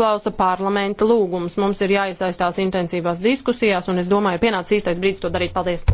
klausa parlamenta lūgums. Mums ir jāiesaistās intensīvās diskusijās, un es domāju, pienācis īstais brīdis to darīt. Paldies!